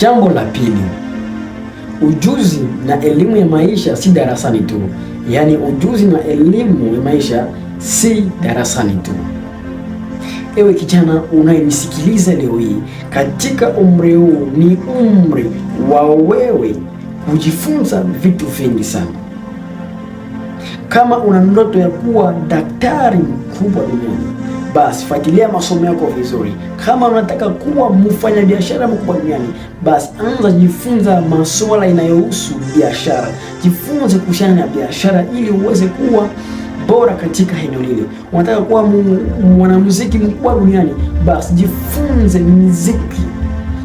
Jambo la pili, ujuzi na elimu ya maisha si darasani tu. Yaani, ujuzi na elimu ya maisha si darasani tu. Ewe kijana unayenisikiliza leo hii, katika umri huu ni umri wa wewe kujifunza vitu vingi sana. Kama una ndoto ya kuwa daktari mkubwa duniani basi fuatilia masomo yako vizuri. Kama unataka kuwa mfanyabiashara mkubwa duniani, basi anza jifunza masuala inayohusu biashara, jifunze kuhusiana na biashara ili uweze kuwa bora katika eneo lile. Unataka kuwa mwanamuziki mkubwa duniani, basi jifunze muziki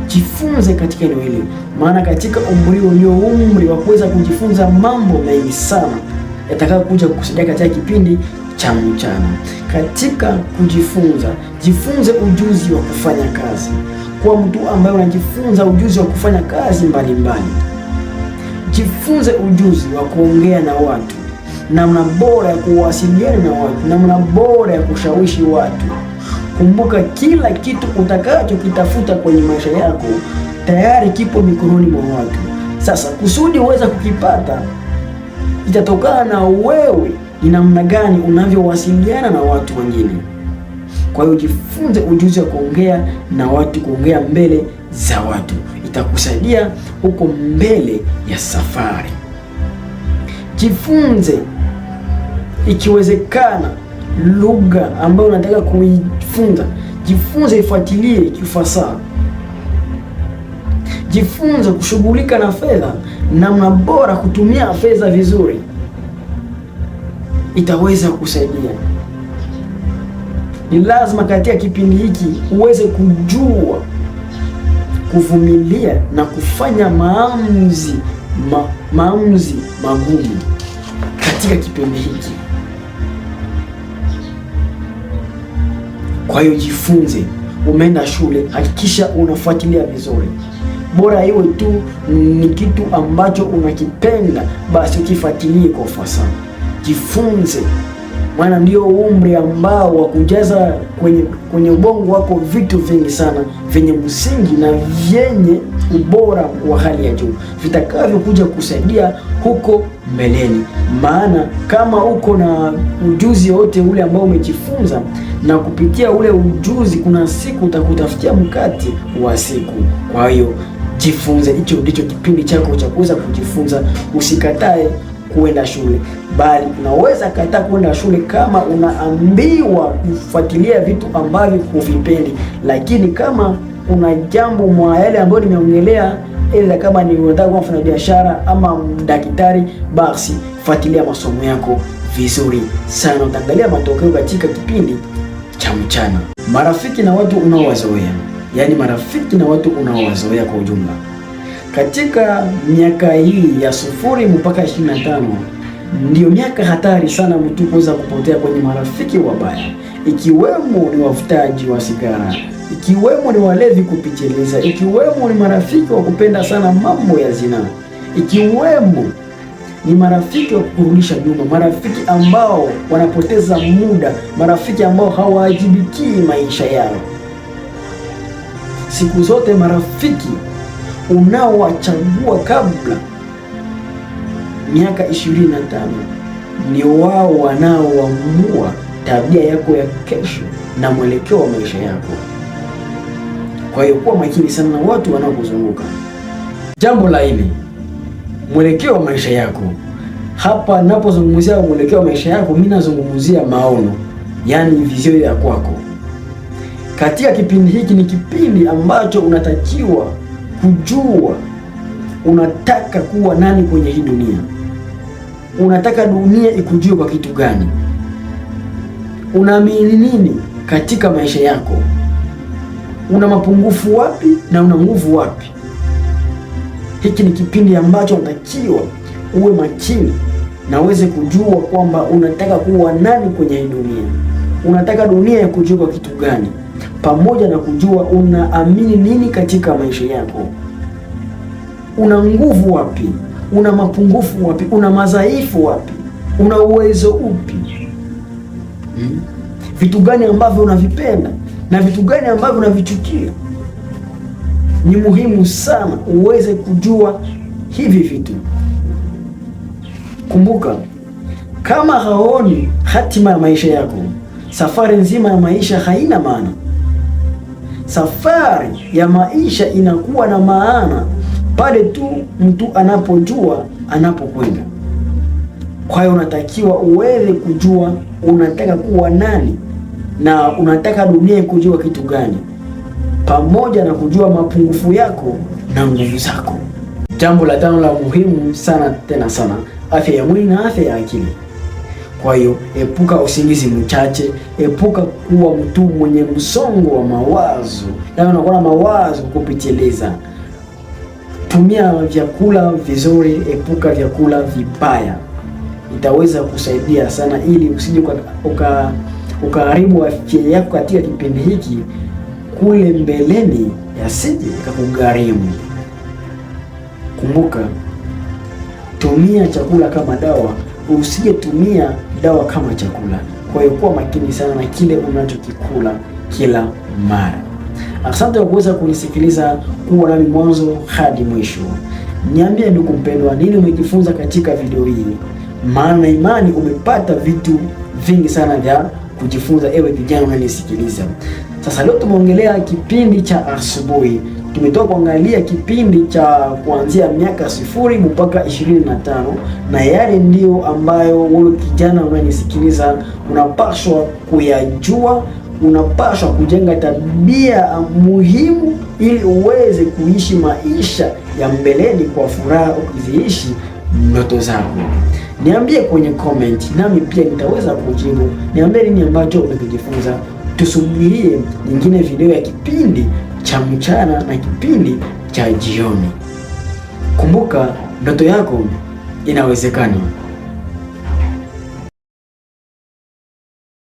jifunze katika eneo hili, maana katika umri ulio umri wa kuweza kujifunza mambo mengi sana yatakayokuja kukusaidia katika kipindi cha mchana. Katika kujifunza, jifunze ujuzi wa kufanya kazi. kwa mtu ambaye unajifunza ujuzi wa kufanya kazi mbalimbali mbali. Jifunze ujuzi wa kuongea na watu, namna bora ya kuwasiliana na watu, namna bora ya kushawishi watu. Kumbuka, kila kitu utakachokitafuta kwenye maisha yako tayari kipo mikononi mwa watu. Sasa kusudi uweza kukipata itatokana na wewe ni namna gani unavyowasiliana na watu wengine. Kwa hiyo jifunze ujuzi wa kuongea na watu, kuongea mbele za watu itakusaidia huko mbele ya safari. Jifunze ikiwezekana lugha ambayo unataka kuifunza, jifunze, ifuatilie kifasaha jifunze kushughulika na fedha, namna bora kutumia fedha vizuri, itaweza kusaidia. Ni lazima katika kipindi hiki uweze kujua kuvumilia na kufanya maamuzi ma, maamuzi magumu katika kipindi hiki. Kwa hiyo jifunze, umeenda shule, hakikisha unafuatilia vizuri bora iwe tu ni mm, kitu ambacho unakipenda, basi ukifuatilie kwa ufasaha, jifunze, maana ndio umri ambao wa kujaza kwenye, kwenye ubongo wako vitu vingi sana vyenye msingi na vyenye ubora wa hali ya juu vitakavyokuja kusaidia huko mbeleni. Maana kama uko na ujuzi wote ule ambao umejifunza na kupitia ule ujuzi, kuna siku utakutafutia mkati wa siku. Kwa hiyo jifunze. Hicho ndicho kipindi chako cha kuweza kujifunza. Usikatae kuenda shule, bali unaweza kataa kuenda shule kama unaambiwa kufuatilia vitu ambavyo huvipendi. Lakini kama kuna jambo mwa yale ambayo nimeongelea, ila kama ni unataka kuwa mfanya biashara ama daktari, basi fuatilia masomo yako vizuri sana, utaangalia matokeo katika kipindi cha mchana. Marafiki na watu unaowazoea yaani marafiki na watu unaowazoea kwa ujumla. Katika miaka hii ya sufuri mpaka 25 ndiyo miaka hatari sana mtu kuweza kupotea kwenye marafiki wabaya, ikiwemo ni wafutaji wa sigara, ikiwemo ni walevi kupitiliza, ikiwemo ni marafiki wa kupenda sana mambo ya zinaa, ikiwemo ni marafiki wa kukurudisha nyuma, marafiki ambao wanapoteza muda, marafiki ambao hawaajibikii maisha yao siku zote marafiki unaowachagua kabla miaka 25 ni wao wanaoamua tabia yako ya kesho na mwelekeo wa maisha yako. Kwa hiyo kuwa makini sana na watu wanaokuzunguka. Jambo la nne, mwelekeo wa maisha yako. Hapa napozungumzia mwelekeo wa maisha yako, mimi nazungumzia maono, yaani vizio ya kwako. Katika kipindi hiki ni kipindi ambacho unatakiwa kujua unataka kuwa nani kwenye hii dunia, unataka dunia ikujue kwa kitu gani, unaamini nini katika maisha yako, una mapungufu wapi na una nguvu wapi. Hiki ni kipindi ambacho unatakiwa uwe makini na uweze kujua kwamba unataka kuwa nani kwenye hii dunia, unataka dunia ikujue kwa kitu gani pamoja na kujua unaamini nini katika maisha yako, una nguvu wapi, una mapungufu wapi, una madhaifu wapi, una uwezo upi, hmm? Vitu gani ambavyo unavipenda na vitu gani ambavyo unavichukia. Ni muhimu sana uweze kujua hivi vitu. Kumbuka, kama haoni hatima ya maisha yako, safari nzima ya maisha haina maana. Safari ya maisha inakuwa na maana pale tu mtu anapojua anapokwenda. Kwa hiyo unatakiwa uweze kujua unataka kuwa nani na unataka dunia kujua kitu gani, pamoja na kujua mapungufu yako na nguvu zako. Jambo la tano la muhimu sana tena sana, afya ya mwili na afya ya akili. Kwa hiyo epuka usingizi mchache, epuka kuwa mtu mwenye msongo wa mawazo, yaani unakuwa na mawazo kupitiliza. Tumia vyakula vizuri, epuka vyakula vibaya, itaweza kusaidia sana, ili usije uka ukaharibu afya yako katika kipindi hiki, kule mbeleni yasije kakugharimu. Kumbuka, tumia chakula kama dawa usijetumia dawa kama chakula. Kwa hiyo kuwa makini sana na kile unachokikula kila mara. Asante kwa kuweza kunisikiliza, kuwa nami mwanzo hadi mwisho. Niambie ndugu mpendwa, nini umejifunza katika video hii? Maana imani umepata vitu vingi sana vya kujifunza, ewe kijana unanisikiliza. Sasa leo tumeongelea kipindi cha asubuhi tumetoka kuangalia kipindi cha kuanzia miaka sifuri mpaka ishirini na tano na yale ndiyo ambayo wewe kijana unanisikiliza unapaswa kuyajua unapaswa kujenga tabia muhimu ili uweze kuishi maisha ya mbeleni kwa furaha ukiziishi ndoto zako. Niambie kwenye comment, nami pia nitaweza kujibu. Niambie nini ambacho umekijifunza. Tusubirie nyingine video ya kipindi cha mchana na kipindi cha jioni. Kumbuka ndoto yako inawezekana.